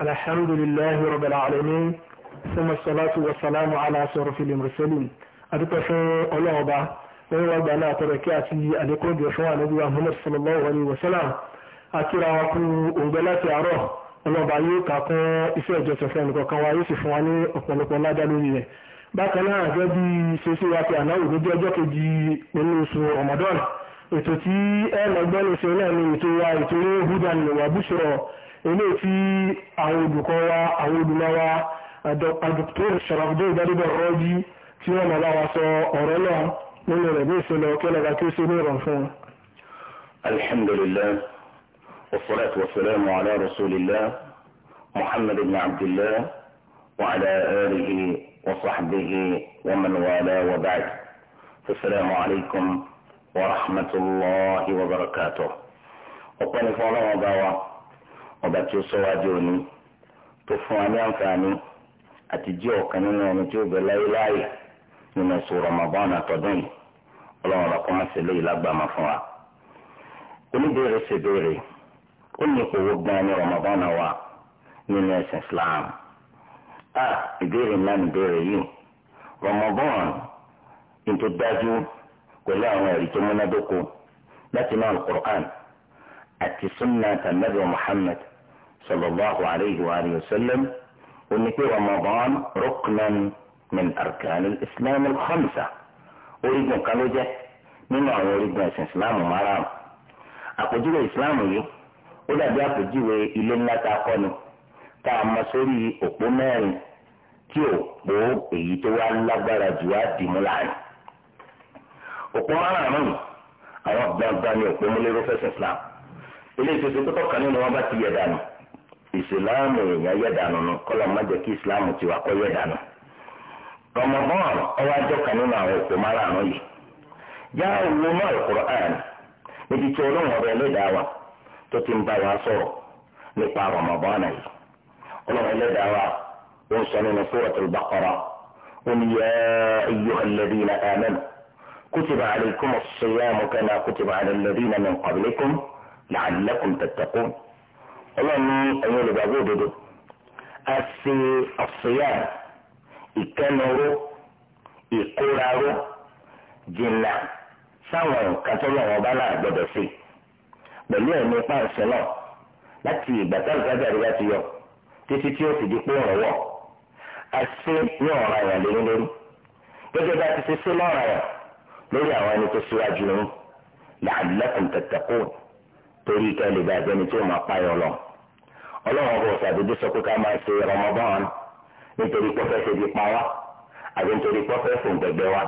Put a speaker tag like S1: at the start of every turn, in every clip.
S1: الحمد لله رب العالمين ثم الصلاة والسلام على شرف المرسلين أدوكفو الله أبا وهو بلا تركاتي أليكم بيشوى نبي محمد صلى الله عليه وسلم أكرا وكو أنجلات عروه ọlọ́ba yóò kà kún iṣẹ́ ìjọsìn fún ẹnìkọ̀ọ̀kan wa yóò sì fún wa ní ọ̀pọ̀lọpọ̀ ládá lórí rẹ̀ bákan náà gẹ́gẹ́ bí ṣe sí wa pé ànáwó lójú ọjọ́ kejì nínú oṣù Ramadan ètò tí ẹ lọ gbọ́ ní ṣe náà ni ètò wa ètò ní húdà ní wàbúṣọ̀rọ̀ eléyìí tí àwọn olùkọ́ wa àwọn olùmọ̀ wa àdókòtò ṣàràbùdó ìdádébọ̀ rọ́jí tí wọ́n mọ̀ láwa sọ ọ̀rọ̀ náà nínú rẹ̀ bí ìṣẹ̀lẹ̀ ọ̀kẹ́ lọ́ga ó ṣe ní ìrọ̀ fún un.
S2: alhamdulillah wasalaatu wasalaamu ala rasulillah muhammad ibn abdullah wa ala alihi wa sahbihi wa man wala wa ba'd asalaamu alaykum wa rahmatulahi wa barakatuh. ọ̀pọ̀ nìkan ọlọ́wọ́ bá wa ọba tí ó sọ́wájú òní tó fún wa ní àǹfààní àti jí ọ̀kan nínú ẹni tí ó bẹ láyé láàyè nínú oṣù Ramadan àtọ̀dún yìí ọlọ́run ọ̀la kọ́ máa ṣe léyìí lágbàmà fún wa. oníbèrè ṣe béèrè ó ní ipò owó gan ni Ramadan wa nínú ẹ̀sìn Islam. a ìbéèrè ńlá ní ìbéèrè yìí Ramadan ní dájú pẹ̀lú àwọn ẹ̀rí tó múnádóko láti náà al àti sunna tànàbí sallallahu alayhi wa alihi wa sallam ó ní pé ramadan ruknan min arkan islam khamsa orígun kan ló jẹ́ nínú àwọn orígun ẹ̀sìn islam márùn-ún àpèjúwe islam yìí ó dàbí àpèjúwe ilé ńlá tá a kọ́ ni tá a mọ sórí òpó mẹ́rin tí òpó èyí tó wá lágbára jù á dìmú láàrin òpó márùn-ún àwọn gbangba ni òpó múlẹ́rọ́ fẹ́sìn islam ilé ìtòsí tó tọ́ka nínú wọn bá ti yẹ dànù. ìsìláàmù èèyàn yẹ dànù nù kọlọ má jẹ kí ìsìláàmù tiwa kọ yẹ dànù Ramadan ọwọ ajọ kan nínú àwọn òkú márààrún yìí yá wo mọ alukur'an níbi tí olóhùn ọbẹ ẹlẹ́dàá wa tó ti ń bá wa sọ̀rọ̀ nípa Ramadan yìí olóhùn ẹlẹ́dàá wa ó ń sọ nínú suratul Baqara ó ní yā ayyuhalladhīna āmanū kutiba alaykumus siyāmu kamā kutiba alal ladhīna min qablikum la'allakum tattaqūn. ọlọ́run ní ẹ̀yin olùgbàgbọ́ òdodo a ṣe ọ̀ṣọ́yà ìkẹnuró ìkóraró jìnnà sáwọn nǹkan tó lọ́wọ́ bá náà gbọ́dọ̀ sí pẹ̀lú ẹ̀mí páàsì náà láti ìgbà tá ìgbàjà rẹ̀ ti yọ títí tí ó fi di pé ọ̀rọ̀ wọ̀ a ṣe ní ọ̀rọ̀ àyàn lórí lórí gẹ́gẹ́ bá ti ṣe ṣe lọ́rọ̀ àyàn lórí àwọn ẹni tó síwájú yín la'allakum tattaqun torí kẹ́lẹ́ bá tó máa pààyàn lọ́wọ́ ọlọ́run ọba ọ̀sàdédé sọ pé ká máa ṣe Ramadan nítorí pọ́fẹ́ ṣe ti pa wá àbí nítorí pọ́fẹ́ fòun gbẹgbẹ wa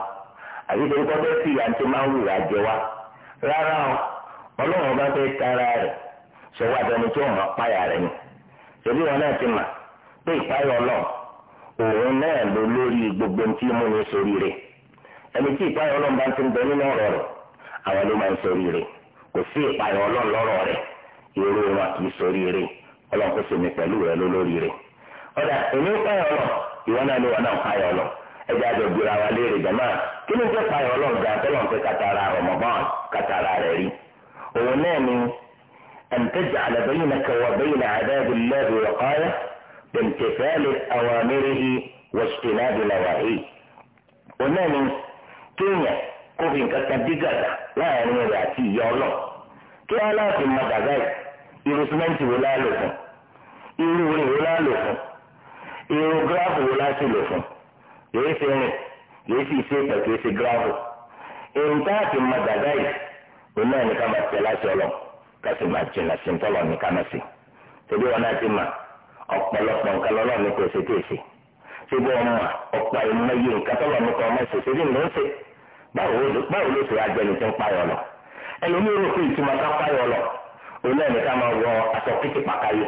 S2: àbí nítorí pọ́fẹ́ sì yà tó máa ń wù àjẹ wa rárá o ọlọ́run ọba fẹ́ tara rẹ̀ sọ wá dẹni tí òun apáyà rẹ̀ ni ṣèlú wọn náà ti mà pé ìpáyà ọlọ́run òun náà ló lórí gbogbo tí mú ní sórí rẹ̀ ẹni tí ìpáyà ọlọ́run bá ti ń bẹ nínú ọ̀rọ̀ ọlọ́run kò sèmi pẹ̀lú rẹ lólórí rẹ ọ̀dà èmi ń pààyàn lọ ìwọ náà ni wọn náà ń pààyàn lọ ẹjẹ́ àjọ gbéra wa léèrè jàmá kí ni jẹ́ pààyàn ọlọ́run gan tọ́lọ̀ ń pẹ́ kàtàrà Ramadan kàtàrà rẹ̀ rí òun náà ni àǹtẹ̀jà àlàbẹ́yìn náà kẹwàá bẹ́yìn náà àdáàbí lẹ́ẹ̀bù rọ̀kọ́yà bẹ̀ǹtẹ̀fẹ́lẹ̀ àwọn amẹ́rẹ́hì wọ́ṣùtìláàbì làwàhì iru símẹ́ǹtì wo la lò fún irú orin wo la lò fún irú gíráàfù wo la si lò fún èyí ṣe rìn èyí sì ṣe ìtàn kìí ṣe gíráàfù èyí a ti mọ dàda yìí òun náà ní ká máa tẹ láti ọlọ ká sì máa jìnnà sí ntọ́lọ ní ká máa wọn náà ti ọ̀pọ̀lọpọ̀ nǹkan ní kò nǹkan kò báwo ló lọ olú ẹni ká máa wọ aṣọ kékeré pàkàyè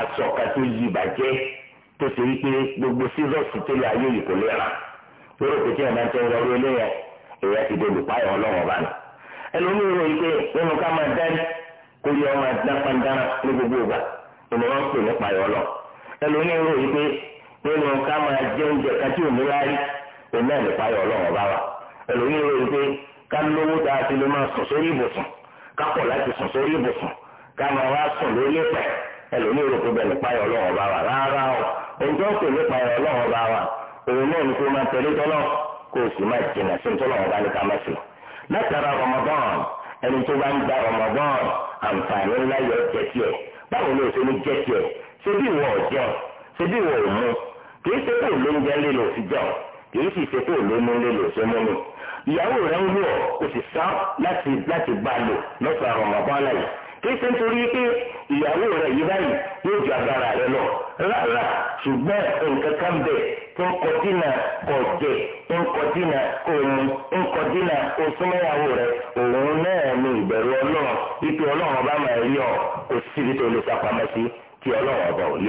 S2: aṣọ kan tó yí ìbàjẹ́ tó ṣe wípé gbogbo sísọ̀sì tó lè ayé yìí kò lè rà lórí òkúté ẹ̀ máa ń tẹ́ wọ orí olóyè èèyàn ti dèbò páyọ̀ ọlọ́wọ́ bá nà ẹlòmíràn rò wípé nínú ká máa kó yẹ ọmọ ẹ̀dá ní gbogbo ìgbà ìní wọn pè ní páyọ̀ ọlọ́ ẹlòmíràn nínú ká máa jẹ oúnjẹ kápọ̀ láti sùn sórí ibùsùn ká máa wá sùn lórí ìpẹ́ ẹlòmíì rò pé bẹ̀rẹ̀ páyọ̀ ọlọ́wọ́ bá wà rárá o ohun tó ń pè ní páyọ̀ ọlọ́wọ́ bá wà òun náà ni kó máa tẹ̀lé tọ́lọ́ kó o sì máa jìnà sí tọ́lọ́wọ́ bá ní ká má sí. látara Ramadan ẹni tó bá ń gba Ramadan àǹfààní ńlá yọ jẹ tiẹ̀ báwo ni o ṣe ní jẹ tiẹ̀ ṣé bí ìwọ ọ̀jẹun ṣé bí ìwọ òmu kì í ṣe kó lóúnjẹ lé lòsì kì í ṣe kó lóúnjẹ lé lòsì ìyàwó rẹ̀ ń wọ̀ o sì sá láti láti bá a lò lọ́sàn-án rọ̀mọ̀bọ́n láyé kí ṣe ń torí pé ìyàwó rẹ̀ yìí báyìí yóò ju agbára rẹ̀ lọ rárá ṣùgbọ́n nǹkan kan bẹ̀ tó ń kọtínà kọ̀jẹ̀ tó ń kọtínà òun ń kọtínà osúnmọ́yàwó rẹ̀ òun náà ni ìbẹ̀rù ọlọ́run ipe ọlọ́run ọba máa rí kò síbi tó lè sapamọ́ sí tí ọlọ́run ọba ò rí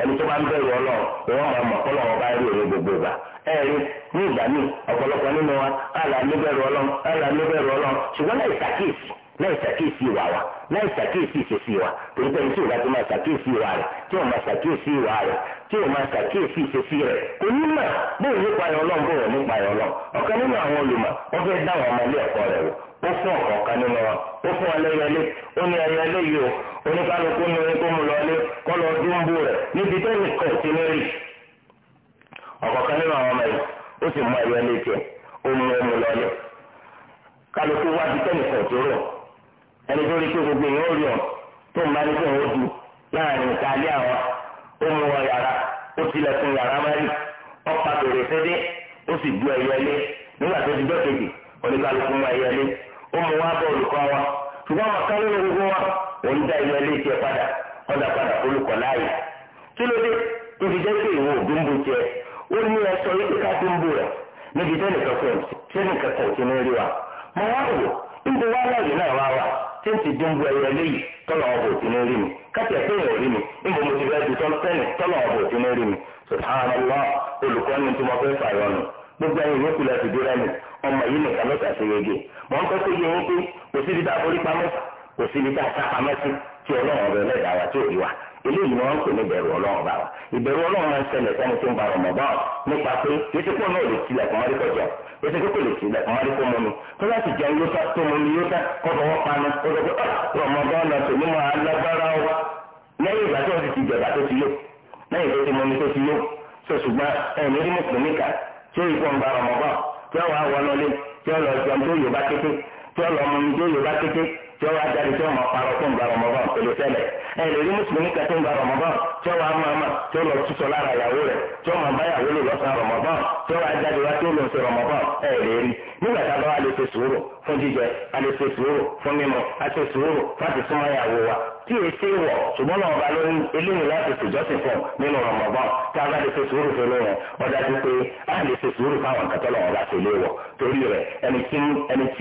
S2: ẹni tó bá ń bẹ̀rù ọlọ ìwọ máa mọ̀ kọ́ lọ́wọ́ bá rí èrè gbogbo ìgbà ẹ rí ní ìgbà míì ọ̀pọ̀lọpọ̀ nínú wa àlà níbẹ̀rù ọlọ àlà níbẹ̀rù ọlọ ṣùgbọ́n láì ṣàkíyèsí láì ṣàkíyèsí ìwà wa láì ṣàkíyèsí ìṣesí wa torí pé tí ìwà tó máa ṣàkíyèsí ìwà rẹ̀ tí ò máa ṣàkíyèsí ìwà rẹ̀ tí ò máa ṣàkíyèsí ìṣesí rẹ̀ kò ní mà bóyá nípa ẹ̀ ọlọ́run bóyá oníkálukú ní orí kó mu lọlé kó lọ dúnbù rẹ̀ níbi tó ní kọ̀ sí lórí. ọ̀kọ̀ọ̀kan nínú àwọn ọmọ yìí ó sì mú ẹ̀yọ létí ẹ̀ ó mú ẹmu lọlé. kálukú wá di tẹ́lẹ̀ kọ̀ tó rọ̀ ẹni tó rí pé gbogbo èèyàn ó rí ọ̀ tó ń bá ní sọ̀rọ̀ ojú láàrin ìtàlẹ́ àwọn ó mú wọn yàrá ó tilẹ̀kùn yàrá mẹ́rin ó bèrè fẹ́dé ó sì bu ẹ̀yọ lé nígbà tó ti dọ́kejì oníkálukú mú ẹ̀yọ lé ó mú wá bọ̀ olùkọ́ wa ṣùgbọ́n àwọn òun ihe ìyọ ilé tiẹ̀ padà ọ̀dà padà olùkọ́ láàyè kí ló dé ibi jẹ́ pé ìwọ òbí ń bo ó ní ẹsọ yìí ká tó ń bo rẹ̀ níbi tẹ́ nìkan fún ẹ̀ tẹ́ nìkan rí wa mọ wá wò níbi wá láàyè náà wá wà tí ń ti dín bu tọ́lọ̀ ọ̀bọ̀ gbogbo ìwé kulẹ̀ ti dúró ọmọ yìí nìkan lọ́sàá sí yege mọ̀ kọ́ sí a kò síbi tá a sá pamọ́ sí tí ọlọ́run ọbẹ̀ lẹ́dàá wa tí ò bí wa eléyìí ni wọ́n ń pè ní ìbẹ̀rù ọlọ́run bá wa ìbẹ̀rù ọlọ́run máa ń ṣẹlẹ̀ sẹ́ni tó ń ba Ramadan nípa pé yéṣepọ̀ náà lè tilẹ̀ kàn wárí kọjọ yéṣepọ̀ kò lè tilẹ̀ kàn wárí kó mọ́nu tó bá ti jẹun yóò tó mọ́nu yóò tán kó fọwọ́ panu kó sọ pé ah, Ramadan náà tòun mọ́ alágbára wa lẹ́yìn ìgbà tó ti ti jẹ̀bà tó bá kété tó yóò bá tí wọ́n wá jáde tí wọ́n máa parọ́ tó ń ba rọmọbọ́n pẹ̀lú tẹ́lẹ̀ ẹ lè rí mùsùlùmí kan tó ń ba rọmọbọ́n tí wọ́n wá máa ma tí ó lọ tútọ̀ lára ìyàwó rẹ̀ tí wọ́n máa bá ìyàwó lọ́sàn-án rọmọbọ́n tí wọ́n wá jáde wá tí ó lọ sí rọmọbọ́n ẹ lè rí nígbà tá a bá wà lè fi sùúrù fún jíjẹ alẹ́ ṣe sùúrù fún mímu àti sùúrù láti súnmọ́ ìyàwó wa tí èsì wọ̀ ṣùgbọ́n náà ọba ló ní eléyìí láti ṣèjọ́sìn fún nínú Ramadan tí a bá lè ṣe sùúrù fún lóyún ọ̀dà ti pé a lè ṣe sùúrù fáwọn nǹkan tọ́lọ̀ ọba ṣe lé wọ̀ torí rẹ̀ ẹni tí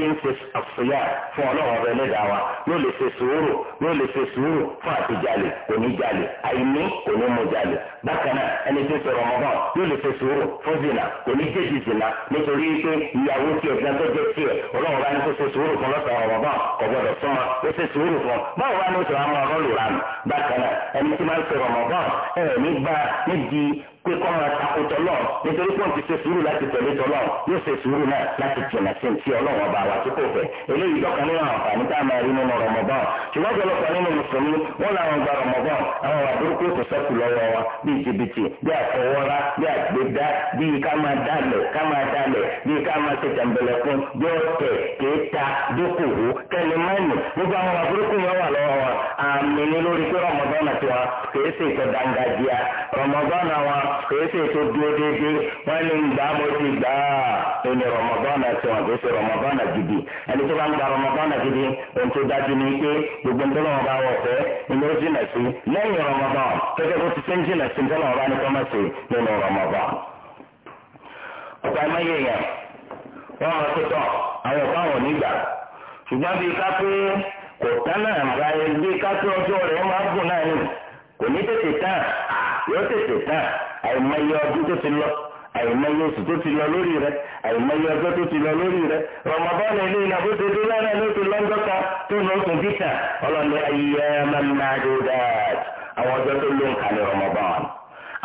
S2: ń ṣe àfúyà fún ọlọ́run ọba ẹlẹ́dàá wa ló lè ṣe sùúrù ló lè ṣe sùúrù fún àtijalè oníjalè àìní onímọ̀jalè bákan náà ẹni tí ń sọ Ramadan ló lè ṣe sùúrù fún zina oníjèjì zina nítorí pé ìyàwó tiẹ̀ gbàgbọ́jẹ́ tiẹ̀ ọlọ́run ẹni tó ṣe sùúrù fún lọ́sàn án ọ̀rọ̀bọ̀n kò gbọdọ̀ súnmọ́ ó ṣe sùúrù fún báwo wá ní oṣù àwọn ọlọ́lù rà nù bákan náà ẹni tí máa ń ṣe rọ̀mọ̀bọ̀n ẹ̀ẹ́dẹ́gbà nídìí pé kọ́ máa takò tọ́lọ̀ nítorí pé òun ti ṣe sùúrù láti tẹ̀lé tọ́lọ̀ yóò ṣe sùúrù náà láti jìnà sí ti ọlọ́run ọba wa tí kò fẹ́ eléyìí lọ́kàn nínú àǹfààní tá a máa rí nínú rọmọbọ́n ṣùgbọ́n ọ̀pọ̀lọpọ̀ nínú mùsùlùmí wọn làwọn gba rọmọbọ́n àwọn wà burúkú kò sẹ́kù lọ́wọ́ wa bíi jìbìtì bíi àfọwọ́rá bíi àgbéga bíi ká máa dalẹ̀ ká máa dalẹ̀ bíi ká máa ṣe tẹ̀m̀bẹ̀lẹ̀kún bíi ọ̀tẹ̀ kéèta dókòwò kẹlẹ́mánì gbogbo àwọn wà burúkú yẹn wà lọ́wọ́ wa àmì ni lórí pé rọmọbọ́n kìí ṣe ètò dúró déédéé wọ́n ní ìgbà mo ti gbà á ẹni wọn gidi ẹni tó bá ń gba gidi ohun tó dájú ni pé gbogbo ń tọ́lọ́wọ́ bá wọ̀ fẹ́ ni ó jìnà sí lẹ́yìn rọmọbọ́n gẹ́gẹ́ bó ti ṣe ń jìnà sí tọ́lọ́wọ́ bá ní kọ́mọ̀sì nínú rọmọbọ́n. ọ̀pọ̀ ẹ̀mọ́ yẹn wọ́n tó àwọn ṣùgbọ́n bí ká pé kò ká pé ọjọ́ àìmọye ọdún tó ti lọ àìmọye oṣù tó ti lọ lórí rẹ àìmọye ọjọ́ tó ti lọ lórí rẹ rọmọbọ́ọ̀nù ilé ìlà bó ti dé lọ́rẹ́ ló ti lọ́ńdọ́ta tó ní oṣù títà ọlọ́ni ayé mẹ́mẹ́dé dáàt àwọn ọjọ́ tó ló ń kalẹ̀ rọmọbọ́ọ̀nù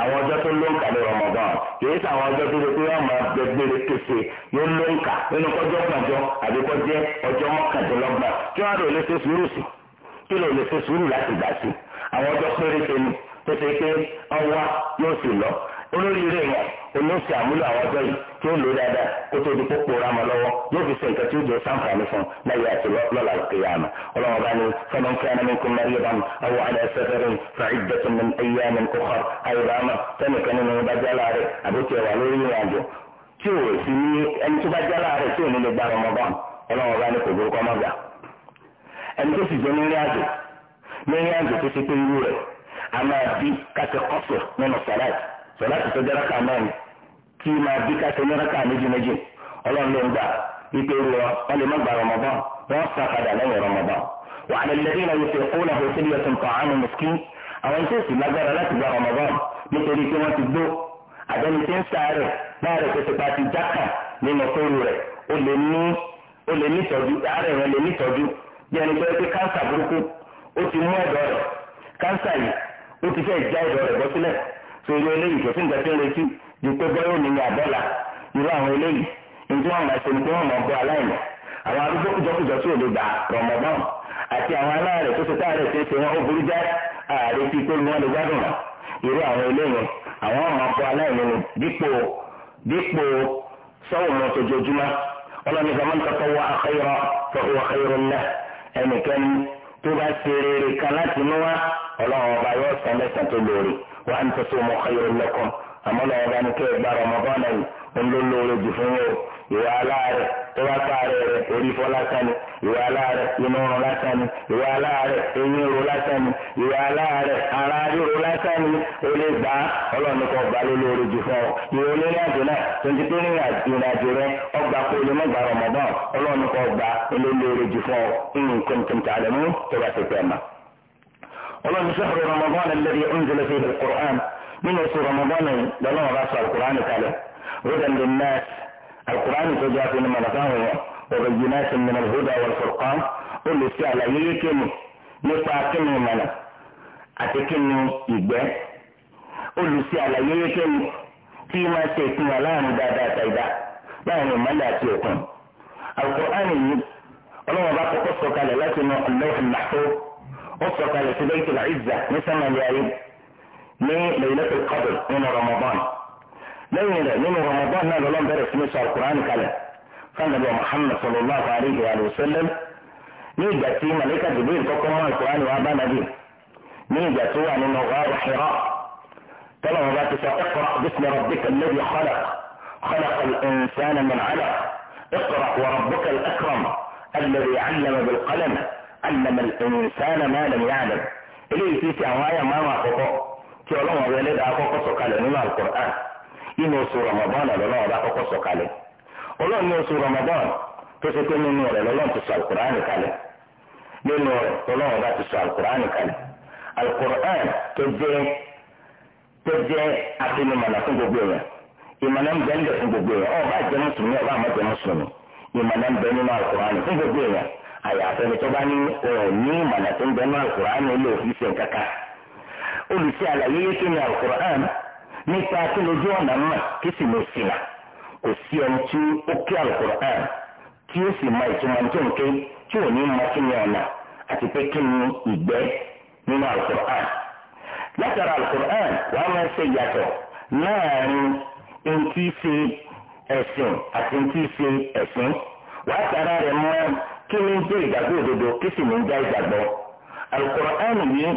S2: àwọn ọjọ́ tó ló ń kalẹ̀ rọmọbọ́ọ̀nù kìí sọ àwọn ọjọ́ tó lè pé wọ́n máa gbẹgbẹrẹ kése ló ló ń kà nínú kọjọ́ kànjọ́ àbí kọjẹ́ ọjọ́ mọ́kàndínlọ́gbọ̀n kí wọ́n lè ṣe sùúrù sí kí lè ṣe sùúrù láti gbà sí àwọn ọjọ́ péréte ni tó ṣe pé ọwá yóò sì lọ olóríire yẹn olóòsì àmúlò àwọn ọjọ́ yìí tí ó lò dáadáa kó tó di pópó ramọ lọ́wọ́ yóò fi ṣe nǹkan tí ó jẹ sáǹfààní fún láyé àti lọ́la kéyàmà ọlọ́run bá ní fọlọ́n kí anamí kún mẹ́rin bá mi ọwọ́ àdá sẹ́fẹ̀rẹ̀ fàáyì dẹ́tun mi ẹ̀yẹ àmì kọ́kọ́ ayọ̀rámà tẹ́nìkan nínú bá jẹ́ láàrẹ̀ àbókè wà lórí ìrìn tí ò sì ní ẹni tó bá jẹ́ láàrẹ̀ tí ò ní lè gbà rọmọbọ́n ọlọ́run bá ní kò burúkọ mọ́gbà ẹni tó sì jẹ́ nírìn àjò nírìn àjò tó ti pé irú rẹ̀ a máa bí káṣe kọ́sọ̀ nínú sọ̀láàtì sọ̀láàtì tó jẹ́rẹ́ ká mẹ́rin kí máa bí káṣe nínú ká méjì méjì ọlọ́run ló ń gbà wípé ru ọ wọ́n lè má gba Ramadan wọ́n sá padà lẹ́yìn Ramadan wà á lè lẹ́yìn náà yóò fi kó náà fòsílì ẹ̀sùn kan àánú miskin àwọn iṣẹ́ ìsìn lágbára láti gba Ramadan nítorí pé wọ́n ti gbó àbẹ́ni tí ń sáré láàrẹ̀ tó ti pa ti jákà nínú kóru rẹ̀ ó lè ní ó àárẹ̀ rẹ̀ lè nítọ́jú bí ẹni tó yẹ pé burúkú ó ti mú ẹ̀dọ̀ rẹ̀ káńsà yìí ó ti fẹ́ já ìdọ̀ rẹ̀ bọ́ sílẹ̀ tó irú eléyìí kò sí nǹkan tí ń retí ju pé bọ́yọ̀ ní àbọ́là irú àwọn eléyìí nítorí wọn máa ṣe ni pé wọn máa bọ́ aláìní àwọn arúgbó kùjọkùjọ tí ò lè gbà rọmọdán àti àwọn aláàrẹ̀ tó ṣe táàrẹ̀ ṣe é ṣe wọn ó burú já ààrẹ tí pé wọn lè gbádùn rà irú àwọn eléyìí àwọn máa bọ́ aláìní ni dípò dípò sọ́wọ́n mọ́tò jojúmọ́ ọlọ́ni faman tatawwa khayran fa huwa khayrun lahu ẹnikẹ́ni tó bá ṣe rere kan láti mú wá ọlọ́run ọba yóò san lẹ́sàn tó lóore wa an tasumu khayrun lakum àmọ́ lọ́wọ́ bá ní kí ẹ gba Ramadan yìí ń ló lóore jù fún yóò ìwà aláàárẹ̀ tó bá sáré rẹ̀ orí fọ́ lásán ni ìwà aláàárẹ̀ inú rún lásán ni ìwà aláàárẹ̀ eyín ro lásán ni ìwà aláàárẹ̀ ara ríro lásán ni o lè gbà á ọlọ́run kan gbà ló lóore jù fún ọ ìwà onílé àjò náà tó ń ti pé ìrìn àjò rẹ ọgbà kó lè mọ́gbà Ramadan ọlọ́run kan gbà ló lóore jù fún ọ nǹkan tó ń tàlẹ́ ọlọ́run sọ́kòrò ramadan alladhi unzila fihi al-Qur'an nínú oṣù ramadan lọ́lọ́run bá sọ al-Qur'an kalẹ̀ hudan lin-nas al-Qur'an tó jẹ́ àfihàn mọ̀lẹ́káwọn wọn ọ̀rọ̀ yìí náà ti mìíràn huda wal-furqan ó lè ṣe àlàyé yékémi nípa kíni ìmọ̀nà àti kíni ìgbẹ́ olùsí àlàyé yékéni tí máa ṣe ìpínyà láàrin dáadáa àtàìdá láàrin ìmọ̀lẹ̀ àti أطلق على بيت العزة نسمى لأي إيه؟ ليلة القدر من رمضان ليلة من رمضان نال لهم درس نساء القرآن كلا فالنبي محمد صلى الله عليه وآله وسلم نيجا في ملكة جبير تقوم مع القرآن وابا نبي نيجا سوى من يعني غار حراء قال الله تسا اقرأ باسم ربك الذي خلق خلق الإنسان من علق اقرأ وربك الأكرم الذي علم بالقلم علم الإنسان ما لم يعلم eléyìí ti fi àwọn àyà márùn àkọ́kọ́ tí ọlọ́run ọ̀rẹ́ lẹ́dàá kọ́kọ́ sọ̀kalẹ̀ nínú alukur'an nínú oṣù ramadan lọ́lọ́run ọba kọ́kọ́ sọ̀kalẹ̀ ọlọ́run ní oṣù ramadan tó ṣe pé nínú rẹ̀ lọ́lọ́run ti sọ ń fún gbogbo bá àyàfẹ́ afọ tó bá ní ní ìmọ̀nà tó ń bẹ ní alukur'an ló fi ṣe kankan olùṣe àlàyé yé kí ni alukur'an nípa kí lójú ọ̀nà mọ̀ kí sì ló sì là kò sí ẹni tí ó kí alukur'an tí ó sì mọ ìtumọ̀ tó ń ké tí ò ní mọ kí ni ọ̀nà àti pé kí ni kí ni ń jẹ́ ìgbàgbọ́ òdodo kí sì ní ń já ìgbàgbọ́ alukur'an yìí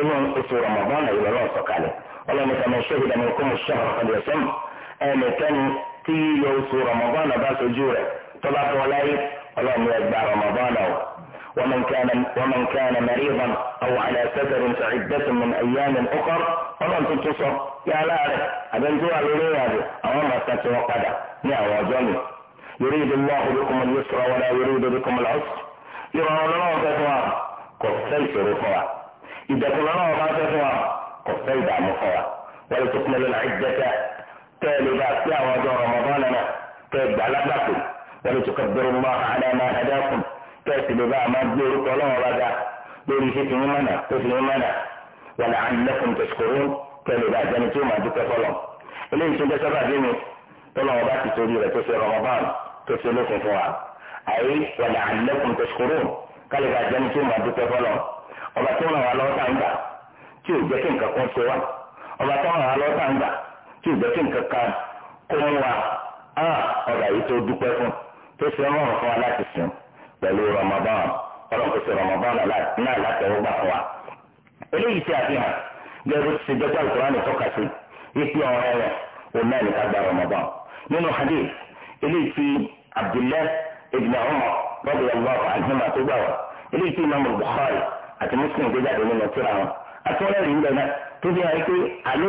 S2: inú oṣù ramadan ìlọ náà sọ̀kalẹ̀ ọlọ́ni kan náà ṣẹ́bi dàmú kó mo ṣe àwọn ọ̀dọ̀ sẹ́mu ẹnìkẹ́ni tí yíyọ oṣù ramadan bá sojú rẹ̀ tó bá fún ẹgbà ramadan o ومن كان ومن كان مريضا او على سفر فعدة من ايام اخر ومن تتصل يا لا ابن تو على او ما تتوقع يا وجني يريد الله بكم اليسر ولا يريد بكم العسر ìrọ̀rùn lọ́wọ́ fẹ́ fún wa kò fẹ́ ìṣòro fún wa ìdẹ̀kùn lọ́wọ́ bá fẹ́ fún wa kò fẹ́ ìdààmú fún wa wọ́n ti kún lọ́nà ìdẹ́tẹ́ tẹ́ ẹ lè bá sí àwọn ọjọ́ Ramadan náà tẹ́ ẹ gbà lágbàpọ̀ wọ́n ti kọ́ bẹ̀rù mọ́ àdámà àdákùn tẹ́ ẹ sì lè bá àmà gbé orúkọ lọ́wọ́ bá dá lórí fífi yín mọ́nà tó fi yín mọ́nà wọ́n là ń lẹ́kùn tẹ̀síkòrò tẹ́ ẹ lè bá àjẹni tó máa dúpẹ́ fọlọ́ eléyìí tó jẹ́ sábàbí mi tọ́lọ́wọ́ bá ti torí rẹ̀ tó ṣe Ramadan tó ṣe lókun fún wa àyè wàlẹ̀ àlẹ́kùn tó ṣòro kálí ká jẹ́ni tó máa dúpẹ́ fọlọ́ ọba tó ràn wá lọ́wọ́ tá ń gbà tí ò jẹ́ kí nǹkan kan ṣe wá ọba tó ràn wá lọ́wọ́ tá ń gbà tí ò jẹ́ kí nǹkan kan kó mú wa ọba yìí tó dúpẹ́ fún tó ṣe rọrùn fún wa láti sùn pẹ̀lú Ramadan ọlọ́run kò ṣe Ramadan náà látẹ̀wọ́gbà fún wa eléyìí ṣe àfihàn gẹ́gẹ́ ti ṣe jẹ́pẹ́ alukurani tọ́ka sí ipi ọ̀rẹ́ rẹ̀ òun náà ní ká gba Ramadan nínú hadith eléyìí عبد الله ابن عمر رضي الله عنهما تجاوى اللي في امام البخاري اتمسكن جدا من الترعه اتولى عندنا تجي هيك على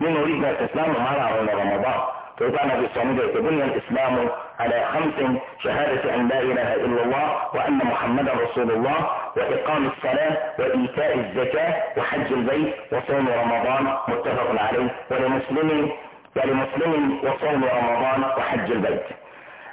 S2: من ريقك الاسلام ما على رمضان فقال في الصمد يتبني الاسلام على خمس شهادة ان لا اله الا الله وان محمدا رسول الله واقام الصلاة وايتاء الزكاة وحج البيت وصوم رمضان متفق عليه ولمسلم ولمسلم وصوم رمضان وحج البيت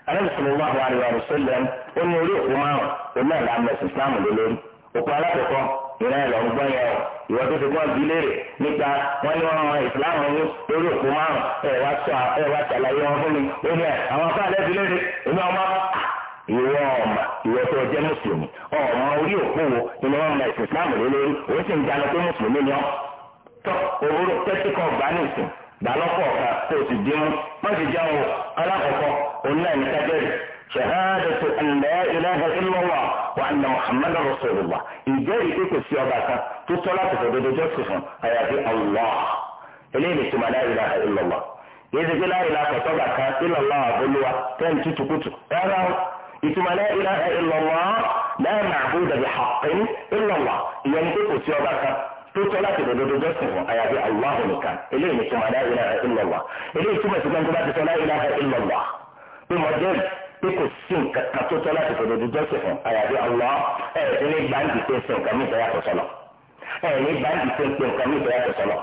S2: alẹ́sọ̀lọ́wọ́ àríwá rẹ̀sọ́lẹ̀ ó ní orí òkú márùn òun náà làá mẹ́sì islam lé lórí òkú alákọ̀ọ́kọ́ ìran ẹ̀rọ ń gbọ́n yẹn o ìwọ tó ti gbọ́n bí léèrè nípa wọn ní wọn islam ní orí òkú márùn ẹ̀ wá sọ ẹ̀ wá sàlàyé wọn fún mi ẹ̀ àwọn afọ alẹ́ bí léèrè èmi ọmọ ah, ìwọ ọmọ ìwọ tó jẹ mùsùlùmí ọmọ orí òkú wo ìlú wọn mẹ́sì islam lé òun sì ń jalè pé mùsùlùmí ni ọ tọ òwúrò tẹ́tí kan ní ìsìn dàlọ́pọ̀ kan kó o sì dín mú má sì jẹ́ o alákọ̀ọ́kọ́ òun náà ní kájẹ́rì shahadatu an la ilaha illallah wa anna muhammadu rasulullah ìjẹ́rìí pé kò sí ọba kan tó tọ́ láti fọ̀ dodo jọ́sìn fún àyàfi allah eléyìí ni tuma la ilaha illallah yéé ṣe pé la ilaha sọ́ba kan illallah àbólúwa tẹ́ǹ tutukutu rárá ìtumọ̀ la ilaha illallah la ma'buda bi haqqin ìyẹn ni pé kò ọba kan tó tọ́ láti dòdòdó jọ́sìn fún àyàfi Allahu nìkan eléyìí ni tuma la ilaha illallah eléyìí túmọ̀ sí gbọ́n tó bá ti sọ la ilaha illallah pé mo jẹ́ pé kò sí nǹkan kan tó tọ́ láti dòdòdó jọ́sìn fún àyàfi Allah ẹ̀ẹ́dín ní gbáǹdì pé sí nǹkan mi ìtọ́yàtọ̀ sọlọ ẹ̀ẹ́dín ní gbáǹdì pé nǹkan mi ìtọ́yàtọ̀ sọlọ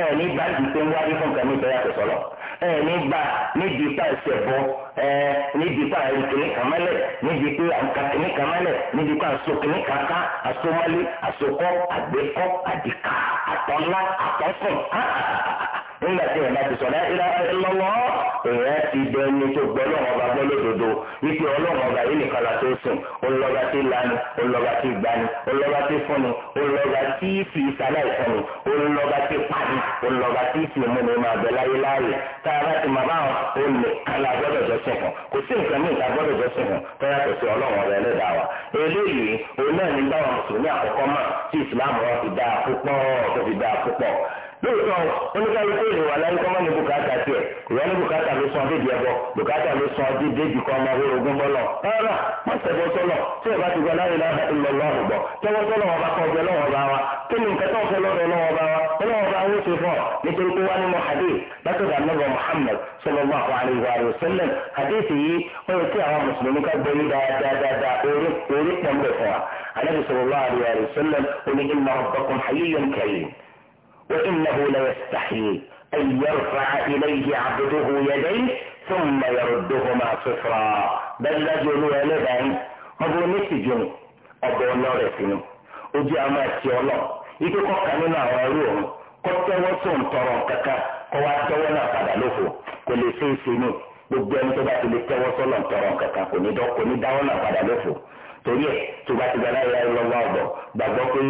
S2: ẹ̀ẹ́dín ní gbáǹdì pé ń wáyé fún nǹkan mi ìtọ́yàtọ̀ sọlọ ẹ nígbà níbi tá ẹsẹ bọ ẹ níbi tá ẹrù kìnnì kan mẹlẹ níbi pé àǹkà kìnnì kan mẹlẹ níbi pé àṣọ kìnnì kan ká àṣọ mọlẹ àṣọ kọ àgbẹkọ àdìkà àtọlá àtọsùn áhà nígbà tí èèyàn bá ti sọ láì lọ́wọ́ èèyàn ti dẹ ẹni tó gbọ́ ọlọ́run ọba gbọ́ lódodo wípé ọlọ́run ọba yìí nìkan la tó sùn olùlọ́ba tí lanu olùlọ́ba tí gbani olùlọ́ba tí fúnni olùlọ́ba tí fi ìsàlẹ̀ ìfúnni olùlọ́ba tí pani olùlọ́ba tí fi múni máa bẹ̀ láyé láàyè tá a bá ti máa bá wọn kálá gbọ́dọ̀ jọ sìn fún kò sí nǹkan mí ìta gbọ́dọ̀ jọ sìn fún tọ́lá tó sí ọlọ́run lóòótọ́ oníkàlùkù èèyàn wà láyé kọ́mọ́ ní bùkátà tiẹ̀ ìwọ ní bùkátà ló sọ débi ẹ̀bọ bùkátà ló sọ débi débi kan ọmọ orogún bọ́lọ̀ rárá má sẹ̀bọ̀ sọlọ tí ẹ bá ti gba láyé láyé ìlọlọ́ ọ̀gbọ̀ tọwọ́ sọlọ wọn bá kọ́ ọ̀gbẹ́ lọ́wọ́ bá wa kí ni nǹkan tó ń fẹ́ lọ́dọ̀ lọ́wọ́ bá wa ọlọ́wọ́ bá wọ́n ti fọ́ nítorí pé wá nínú hadith látọ̀dọ̀ anábọ̀ Muhammad sallallahu alayhi wa sallam hadith yìí ó yẹ kí àwọn mùsùlùmí ká gbé yín وإنه ليستحيي أن يرفع إليه عبده يديه ثم يردهما صفرا بل رجل ولدان ọbọ oníṣìjú ni ọbọ ọlọrẹ sí ni ojú àwọn ẹtì ọlọ ike kọkà nínú àwọn ẹrú òun kọ tẹ́wọ́ tó ń tọrọ kankan kọ wá tẹ́wọ́ náà padà lófo kò lè ṣe é ṣe ni gbogbo ẹni tó bá ti lè tẹ́wọ́ sọlọ ń tọrọ kankan kò ní dán kò ní dáwọ́ náà padà lófo torí ẹ tó bá ti gbàdá ìyá ẹ lọ́wọ́ ọ̀bọ̀ gbàgbọ́ pé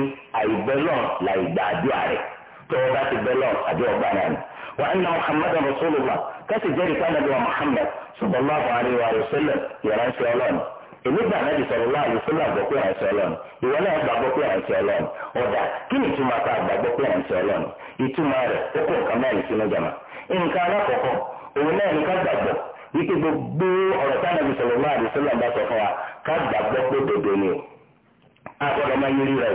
S2: àìgbẹ́ náà làìgbà àdúrà rẹ̀ tọ́wọ́ bá ti bẹ́lọ̀ àbí ọgbà náà ni. wà á nà muhammad rasulillah kẹ́sì jẹ́rì kánàbí wa muhammad sallallahu alayhi wa sallam yàrá ń ṣe ọlọ́run. èmi gbà náà di sallallahu alayhi wa sallam gbọ́ pé à ń ṣe ọlọ́run. ìwọ náà gbàgbọ́ pé à ń ṣe ọlọ́run. ọ̀dà kí ni ìtumọ̀ ká gbàgbọ́ pé à ń ṣe ọlọ́run? ìtumọ̀ rẹ̀ ó kó nǹkan mẹ́rin sínú jama. nǹkan alákọ̀ọ́kọ́ òun náà ní ká gbàgbọ́ wípé gbogbo ọ̀rọ̀ tánàbí sallallahu alayhi wa sallam bá fún wa ká gbàgbọ́ pé dòdò ni. a máa yiri rẹ̀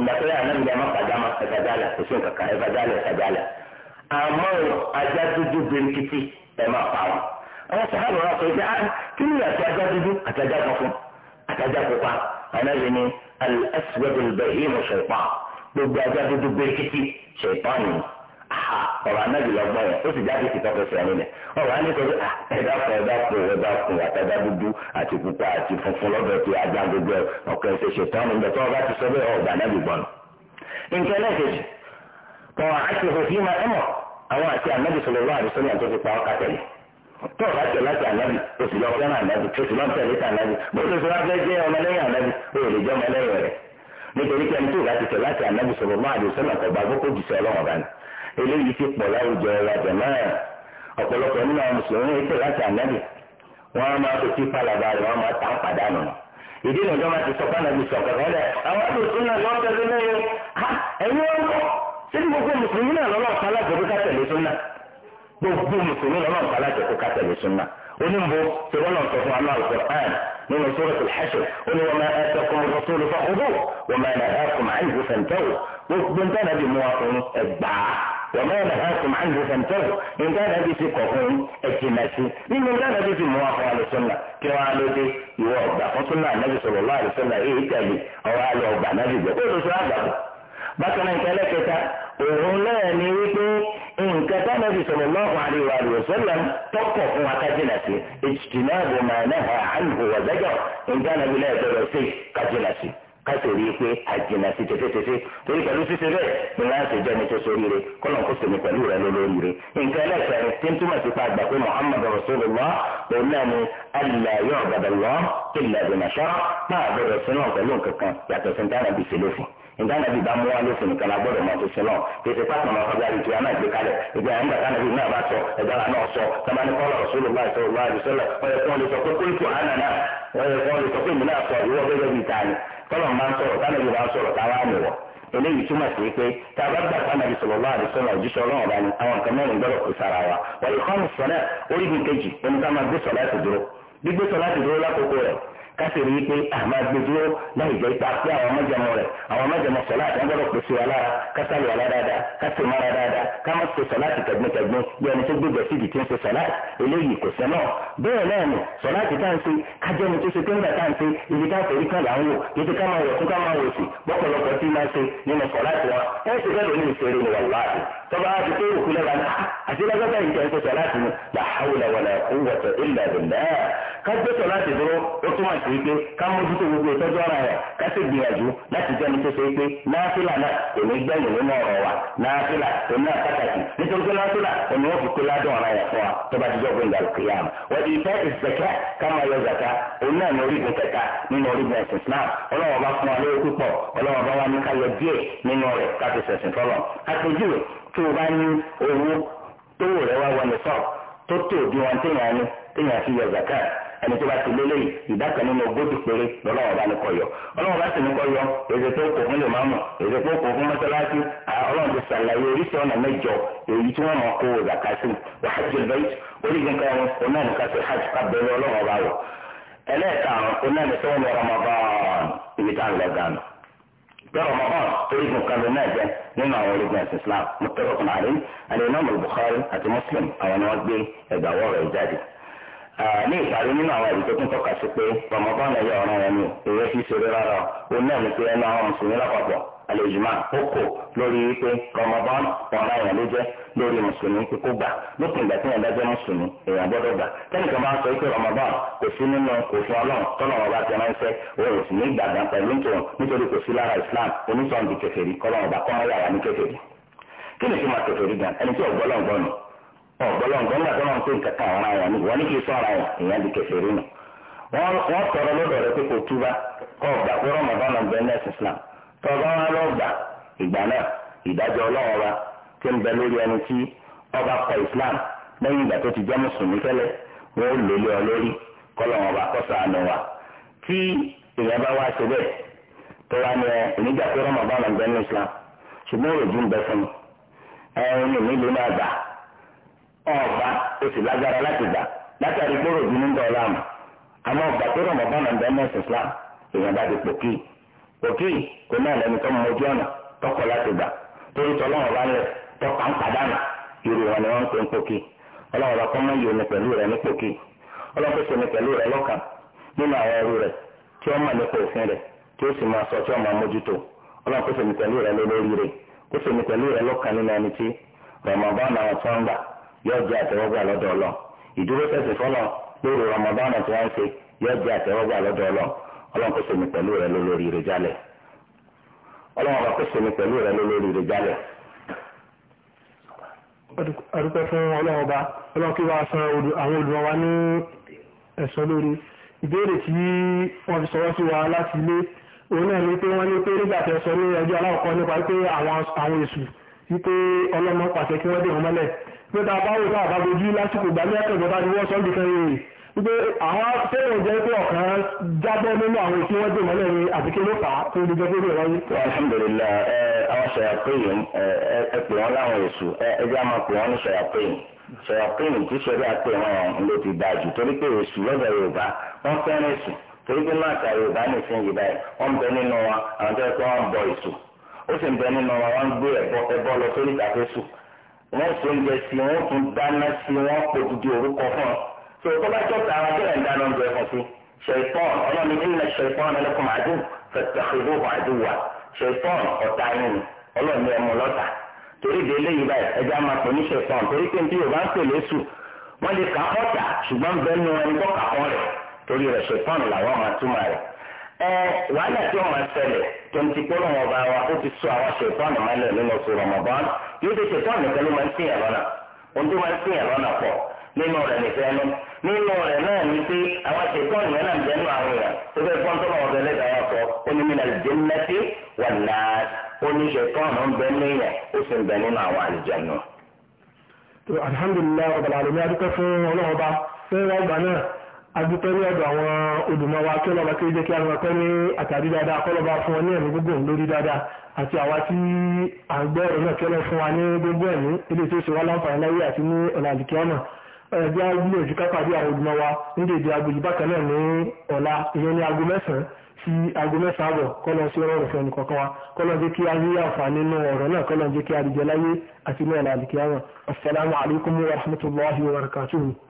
S2: ìgbàtọ́ yà nàbí ẹ̀ má fàjálà ẹ̀fàjálà kò sí nǹkan kan ẹ̀fàjálà ẹ̀fàjálà àmọ́ ajá dúdú birikiti ẹ̀ má pa wọn. àwọn sàhábà wa sọ pé ah, kí ni àti ajá dúdú àti ajá funfun àti ajá pupa ànábi ni al-aswad al-bahim shaytan gbogbo ajá dúdú birikiti shaytan nìyí. ọ̀rọ̀ anábì lọ́gbọ́n yẹn o sì jáde kìtọ́ fẹsẹ̀ ẹ̀mí yẹn ọ̀rọ̀ anábì sọ pé ẹ̀dáfọ̀ ẹ̀dáfọ̀ ẹ̀dáfọ̀ àtàdá dúdú àti pupa àti funfun lọ́dọ̀ tí ajá gbogbo ẹ̀ ọ̀kẹ́ ẹ̀sẹ̀ ọba ti sọ bẹ́ẹ̀ ọ̀gbà anábì gbọ́nù. nǹkan ẹlẹ́kejì kọ́ àti òfin àwọn àti lọ́wọ́ ọba o sì lọ fẹ́ràn sì eléyìí ti pọ̀ láwùjọ ìrajà náà ọ̀pọ̀lọpọ̀ nínú àwọn mùsùlùmí ń pè láti ànábì wọ́n á máa fi palaba rẹ̀ wọ́n á máa tà ń padànù ìdí nìjọba máa ti sọ fún ànábì sọ kankan dẹ̀ àwọn àdùnsùn náà ni wọ́n tẹ̀lé lẹ́yìn ẹ̀yin wọn kọ́ síbi gbogbo mùsùlùmí náà lọ́nà ọ̀kálá jẹ̀kú ká tẹ̀lé súnà gbogbo mùsùlùmí lọ́nà ọ̀kálá jẹ̀kú ká tẹ̀lé súnà onímbo tí wọ́n náà sọ fún àná alukur'an nínú sọ́rọ̀ tìlḥẹ́sọ̀ oníwọ̀nà ẹ̀sẹ̀ kọ́mọ gbogbo ntẹ́nà mu wá fún ẹgbàá وما نهاكم عنه فانتهوا إن كان هذه في قوم الجناسي من كان هذه في موافقة على السنة كوالو دي يوضع فصلنا النبي صلى الله عليه وسلم إيه تالي أو قال يوضع نبي بقول سؤال
S1: bákan náà kẹlẹ́ kẹta
S2: òun náà ni wípé nǹkan tánàbí sallallahu alaihi wa sallam tọkọ̀ fún akájìnà sí ìjìnà àbòmọ̀ náà àánú wọ̀zẹ́jọ́ nǹkan náà bí lẹ́ẹ̀dọ́rọ̀ sí kájìnà sí kásì rí i pé àjìnà sí tẹfẹtẹfẹ torí pẹ̀lú ṣíṣe bẹ́ẹ̀ ni wọ́n á ṣe jẹ́ni tó sórí rẹ kọ́nà kó sèmi pẹ̀lú rẹ lólórí rẹ. nǹkan ẹlẹ́sẹ̀rin tí ń túmọ̀ sí pa àgbà pé muhammad rasulullah òun náà ni allah yóò gbàdọ̀ lọ kí ìlànà ìṣọ́ máa gbọdọ̀ sínú pẹ̀lú nǹkan kan yàtọ̀ sí ní dáná bíi ṣèlófin ìdáná bíi bámu wá lóṣù nìkan la gbọ́dọ̀ máa tó sin náà tètè pàtó máa fọgbà ìtì àná ìgbé kalẹ̀ ìgbà yẹn nígbà táwọn ìbí náà bá sọ ẹgbẹ́ wa náà tamani kọlọ ọsùlù bá ìṣòro bá ìṣòro ọyẹ fún ọ lè sọ pé kóńtò tọ́lọ̀ máa ń sọ̀rọ̀ tánàbí wa sọ̀rọ̀ táwa ni wọ̀ eléyìí túmọ̀ sí pé tá a bá gbà tánàbí sọ̀rọ̀ bá àdìsọ́ náà ojúṣe ọlọ́run bá ní àwọn nǹkan mẹ́rin gbọ́dọ̀ kó sára wa wọ́n ìkọ́ni sọ̀rọ̀ orígun kejì oníkàmá gbé sọ̀rọ̀ láti dúró gbígbé sọ̀rọ̀ láti dúró lákòókò rẹ̀ kásì rí i pé àmà gbẹdúró láì jẹ́ ipa pé àwọn mẹ́jọmọ rẹ̀ àwọn mẹ́jọmọ sọ̀lá àti ọgbọ́dọ̀ pèsè wa lára kásálù wa dáadáa kásì mara dáadáa ká má ṣe sọ̀lá àti tẹ̀gbẹ́tẹ̀gbẹ́ bí ẹni tó gbẹgbẹ́ síbi tí ń ṣe sọ̀lá eléyìí kò sẹ́ náà bẹ́ẹ̀ náà nù sọ̀lá àti tá à ń ṣe kájẹ́ni tó ṣe pé ńgbà tá à ń ṣe ibi tá àfẹ́rí kan là ń wò ibi ká máa wọ̀ tún ká máa wò sí bọ́pọ̀lọpọ̀ tí máa ṣe nínú sọ̀lá wọn ẹ̀ àti lágbàgbà yìí kẹ́kẹ́ sọ láti mú la hawla wala quwwata illa billah ká gbé sọ láti dúró ó tún wà sí pé ká mójútó gbogbo ìtọ́jú ara rẹ̀ ká sì gbìyànjú láti jẹ́ni tó ṣe pé náfìlà náà èmi gbẹ̀yìn nínú ọ̀rọ̀ wa náfìlà èmi náà nítorí pé náfìlà èmi wọ́n fi kó ládùn ara rẹ̀ fún wa tó bá jíjọ́ gbẹ̀ngà kìyàm wọ́n ti fẹ́ ìsẹ̀kẹ́ ká máa yọ zàká òun náà ní orígun tówó rẹ̀ wá wọnú sọ tó tó di wọn téèyàn ní téèyàn fi yọ zaka ẹni tó bá ti lélẹ̀ yìí ìdá kan nínú ogójì péré lọ́lọ́wọ́ bá ní kọyọ ọlọ́wọ́ bá sì ní kọyọ èdè tó kò fún lèmọ́mù èdè tó kò fún mọ́sálásí ọlọ́run ti sàlàyé oríṣi ọ̀nà mẹ́jọ èyí tí wọ́n mọ̀ kó zaka sí wà á jẹ bẹ́ẹ̀ oríṣi kan oná nìkan sí hajj abẹ́rẹ́ ọlọ́wọ́ bá wọ̀ ẹlẹ́ẹ̀kan oná nìkan wọn rọmọbọ́n ibi tá à ń lọ gánà lọ́rọ̀ mọ́kàn torí gun kan ló náà jẹ nínú àwọn ológun ẹ̀sìn Islam muttafaqun alayhi al-Imam al-Bukhari àti Muslim àwọn ni wọ́n gbé ẹgbàáwọ̀ rẹ̀ jáde. ní ìparí nínú àwọn ìdí tó tún tọ́ka sí pé rọmọbọ́n ẹ̀yà ọ̀ràn rẹ̀ ni èyí fi rárá o náà ní pé ẹnu àwọn mùsùlùmí lápapọ̀ àlejò ó kò lórí wípé Ramadan ọ̀ràn yẹn ló jẹ́ lórí mùsùlùmí kíkó gbà lópin ìgbà tí yẹn bá jẹ́ mùsùlùmí èèyàn gbọ́dọ̀ gbà tẹ́nìkan bá ń sọ wípé Ramadan kò sí nínú òfin ọlọ́run tọ́lọ̀ wọn bá ti ránṣẹ́ òun ò sì ní ìgbàgbà pẹ̀lú ìtòun nítorí kò sí lára Islam onísọ̀ǹdì kèfèrí kọ́lọ́run bá kọ́mọ́ yàrá ní kèfèrí kí ni kí máa kèfèrí gan ẹni tí ọ̀gbọ́lọ́ngbọ́nù ọ̀gbọ́lọ́ngbọ́nù nígbà tó náà ń pè kankan ọ̀ràn yẹn ni wọ́n ní kí sọ̀ràn yẹn ìyẹn di kèfèrí nù wọ́n tọrọ lọ́dọ̀ rẹ pé kò túbá kọ́ ọ̀gbà pé Ramadan ọ̀gbẹ́ ní ẹ̀sìn Islam tọba wa lọgbà ìgbà náà ìdájọ́ Ọlọ́run wa tí ń bẹ lórí ẹni ọba Islam lẹ́yìn ìgbà tó ti jẹ́ mùsùlùmí tẹ́lẹ̀ wọn ò ọ lórí kọlọrun ọba kọsà àánú wa tí èèyàn bá wá ṣe bẹ́ẹ̀ tó wá ní ẹ gbẹ ní Islam ń bẹ fún mi ní náà gbà ọba lágbára láti gbà látàrí gbòòrò òkè kò náà lẹni tó mọ ojú ọ̀nà tọkọ láti gbà torí tọ́lọ́wọ́n bá lẹ̀ tọ́ka ń padànà irú wọn ni wọ́n ń pè ń pòkì ọlọ́wọ́n bá kọ́mọ́ yìí ní pẹ̀lú rẹ̀ ní pòkì ọlọ́wọ́n pèsè ní pẹ̀lú rẹ̀ lọ́kàn nínú àwọn ẹrú rẹ̀ tí ó mọ̀ nípa òfin rẹ̀ tí ó sì máa sọ tí ó máa mójútó pẹ̀lú ọlọ́run kò sèmi pẹ̀lú rẹ lólórí rẹ jálẹ̀ ọlọ́run kò sèmi pẹ̀lú rẹ lólórí rẹ jálẹ̀.
S1: adúpẹ́ fún ọlọ́run ọba ọlọ́run kí wàá san àwọn olùwà wa ní ẹ̀san lórí ìbéèrè tí wọ́n fi sọwọ́ sí wa láti ilé òun náà ni pé wọ́n ní pé nígbà tí ẹ sọ ní ẹjọ́ aláwọ̀kọ́ nípa pé àwọn àwọn èṣù wípé ọlọ́mọ pàṣẹ kí wọ́n dé wọn mọ́lẹ̀ nígbà báwo bá bojú lásìkò gbàmí ẹ̀kọ́ ìjọba ni wọ́n sọ́ọ́ nìkan yìí wípé àwọn fẹ́ràn jẹ́ pé ọ̀kan jábọ́ nínú àwọn tí wọ́n dè mọ́lẹ̀ ni àti kí ló fà á tó ní jẹ́pẹ́ ẹ
S2: àwọn ṣàyàpéyìn ẹ pè wọn láwọn èṣù ẹ jẹ́ àmọ́ pè wọn ní ṣàyàpéyìn ṣàyàpéyìn tí ṣẹlẹ̀ àpè wọn ló ti dáa jù torí pé èṣù lọ́dọ̀ Yorùbá wọ́n fẹ́ràn èṣù torí pé máa ta Yorùbá nìsín yìí báyìí wọ́n bẹ nínú wa àwọn tó yẹ kó wọ́n bọ èṣù ó sì bẹ nínú wa wọ́n gbé lọ sórí wọ́n sọ oúnjẹ sí wọ́n tún dáná sí wọ́n orúkọ fún ọ tó o tó bá jọ tààrà tó ẹ̀ ń dáná oúnjẹ fún sí. ṣètọ́n ọlọ́ni ìnà ṣètọ́n ẹlẹ́kùn àdó fẹ̀tẹ̀kìlóhùn àdúwà ṣètọ́n ọ̀tá yín ọlọ́ni ẹ̀mú lọ́tà torí de eléyìí báyìí ẹja máa pè ní ṣètọ́n torí pé bí yorùbá ń pè lẹ́sù wọ́n lè kà ọ̀tà ṣùgbọ́n bẹ́ẹ̀ nu ẹni tó kà ọ́ rẹ̀ torí rẹ̀ ṣètọ́n làwọn máa túmọ̀ rẹ̀ ẹ wàhálà tí wọn máa ṣẹlẹ̀ tó ń ti pé lọ́wọ́ ọba wa ó ti sọ àwọn ṣètọ́nù mọ́lẹ̀ nínú oṣù Ramadan yóò ti ṣètọ́nù nìkan ló máa ń sìn yàn lọ́nà ohun tó máa ń sìn yàn lọ́nà pọ̀ nínú rẹ̀ nìfẹ́ ẹnu nínú rẹ̀ náà ní pé àwọn ṣètò ìyẹn náà jẹ́ nínú àwọn èèyàn tó fẹ́ gbọ́n tó lọ́wọ́ bẹ̀rẹ̀ dáwọ́ sọ ó ní mí nàlẹ́ jẹ́nẹ́tì wà náà ó ọ̀nà ń bẹ níyẹn ó sì ń bẹ nínú àwọn
S1: tó alihamudulilayi ọ̀bàlà àlùmí adúpẹ́ fún fún ọgbà náà adúpẹ́ ní ọ̀dọ̀ àwọn olùmọ̀wá kí jẹ́ kí ní àtàdé dáadáa fún ẹ̀bí agbóhùn ojú kápá bí àwọn olùmọ̀ wa ní dèdè agbóhùn bákan náà ní ọ̀la ìyẹn ní aago mẹ́sàn-án sí aago mẹ́sàn-án àbọ̀ kọ́lọ́ sí ọ̀rọ̀ fún ẹnìkọ̀ọ̀kan wa kọ́lọ́ jẹ́ kí a rí àǹfààní inú ọ̀rọ̀ náà kọ́lọ́ jẹ́ kí a rí